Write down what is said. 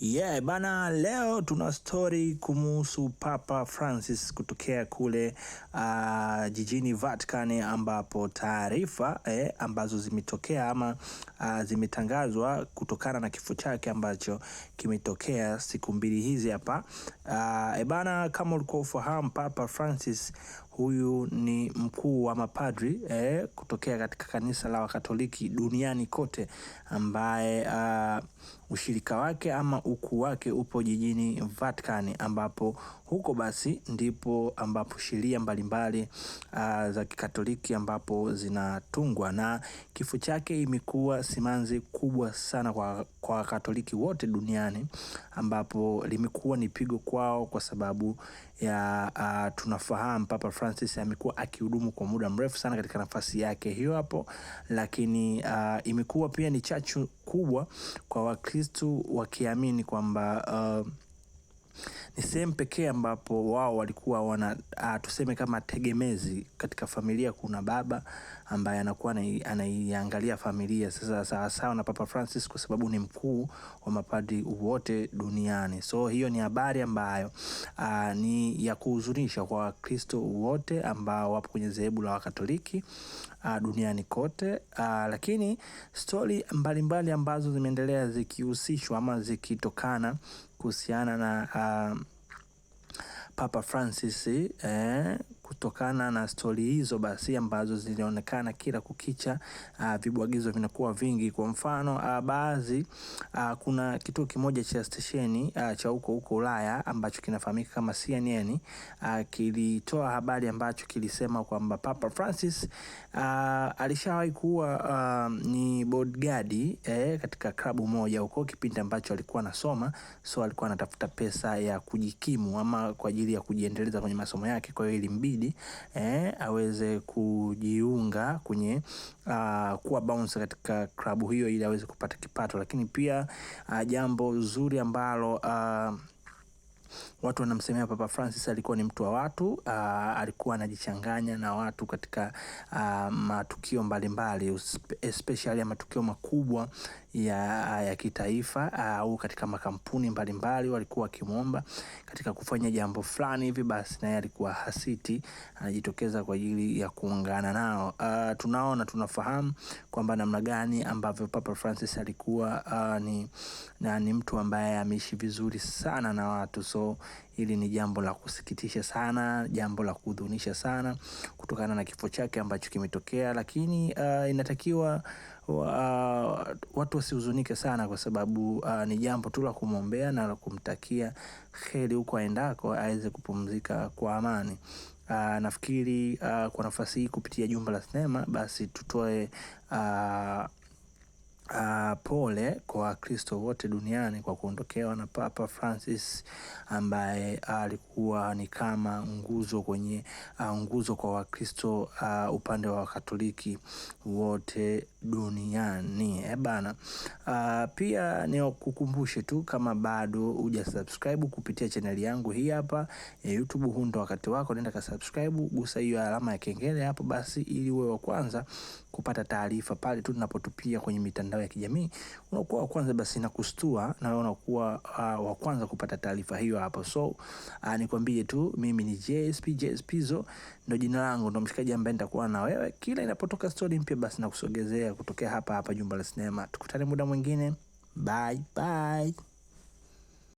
Yeah, bana leo tuna stori kumuhusu Papa Francis kutokea kule uh, jijini Vatican ambapo taarifa eh, ambazo zimetokea ama uh, zimetangazwa kutokana na kifo chake ambacho kimetokea siku mbili hizi hapa. Uh, e bana, kama ulikuwa ufahamu Papa Francis Huyu ni mkuu wa mapadri eh, kutokea katika kanisa la Wakatoliki duniani kote, ambaye uh, ushirika wake ama ukuu wake upo jijini Vatican, ambapo huko basi ndipo ambapo sheria mbalimbali uh, za Kikatoliki ambapo zinatungwa, na kifo chake imekuwa simanzi kubwa sana kwa kwa Wakatoliki wote duniani, ambapo limekuwa ni pigo kwao kwa sababu ya uh, tunafahamu Papa Francis Francis amekuwa akihudumu kwa muda mrefu sana katika nafasi yake hiyo hapo, lakini uh, imekuwa pia ni chachu kubwa kwa Wakristo wakiamini kwamba uh, ni sehemu pekee ambapo wao walikuwa wana a, ah, tuseme kama tegemezi katika familia. Kuna baba ambaye anakuwa anaiangalia familia sasa, sawasawa na Papa Francis, kwa sababu ni mkuu wa mapadri wote duniani. So hiyo ni habari ambayo a, ah, ni ya kuhuzunisha kwa Wakristo wote ambao wapo kwenye dhehebu la Wakatoliki ah, duniani kote. A, lakini stori mbalimbali ambazo zimeendelea zikihusishwa ama zikitokana kuhusiana na a, Um, Papa Francis eh, Kutokana na stori hizo basi ambazo zilionekana kila kukicha, uh, vibwagizo vinakuwa vingi. Kwa mfano uh, baadhi uh, kuna kituo kimoja cha stesheni uh, cha huko huko Ulaya ambacho kinafahamika kama CNN uh, kilitoa habari ambacho kilisema kwamba Papa Francis uh, alishawahi kuwa uh, ni bodyguard eh, katika klabu moja huko kipindi ambacho alikuwa anasoma, so alikuwa anatafuta pesa ya kujikimu ama kwa ajili ya kujiendeleza kwenye masomo yake, kwa hiyo ilimbidi zaidi eh, aweze kujiunga kwenye uh, kuwa bounce katika klabu hiyo ili aweze kupata kipato, lakini pia uh, jambo zuri ambalo uh, watu wanamsemea Papa Francis alikuwa ni mtu wa watu aa, alikuwa anajichanganya na watu katika aa, matukio mbalimbali especially ya matukio makubwa ya, ya kitaifa au katika makampuni mbalimbali walikuwa wakimwomba katika kufanya jambo fulani hivi, basi naye alikuwa hasiti, anajitokeza kwa ajili ya kuungana nao. Uh, tunaona tunafahamu kwamba namna gani ambavyo Papa Francis alikuwa uh, ni, na, ni mtu ambaye ameishi vizuri sana na watu so hili ni jambo la kusikitisha sana, jambo la kuhudhunisha sana kutokana na kifo chake ambacho kimetokea, lakini uh, inatakiwa uh, watu wasihuzunike sana, kwa sababu uh, ni jambo tu la kumwombea na la kumtakia heri huko aendako, aweze kupumzika kwa amani. Uh, nafikiri uh, kwa nafasi hii kupitia Jumba la Sinema basi tutoe uh, Uh, pole kwa Wakristo wote duniani kwa kuondokewa na Papa Francis ambaye alikuwa ni kama nguzo kwenye uh, nguzo kwa Wakristo uh, upande wa Wakatoliki wote duniani e bana. Uh, pia ni kukumbushe tu kama bado uja subscribe kupitia chaneli yangu hii hapa ya YouTube, huu ndo wakati wako, nenda ka subscribe, gusa hiyo alama ya kengele hapo basi, ili uwe wa kwanza kupata taarifa pale tu tunapotupia kwenye mitandao ya kijamii, unakuwa wa kwanza basi na kustua na wewe unakuwa uh, wa kwanza kupata taarifa hiyo hapo. So uh, nikwambie tu mimi ni JSP, JSP Zo ndo jina langu, ndo mshikaji ambaye nitakuwa na wewe kila inapotoka story mpya, basi nakusogezea kutokea hapa hapa jumba la sinema. Tukutane muda mwingine, bye bye.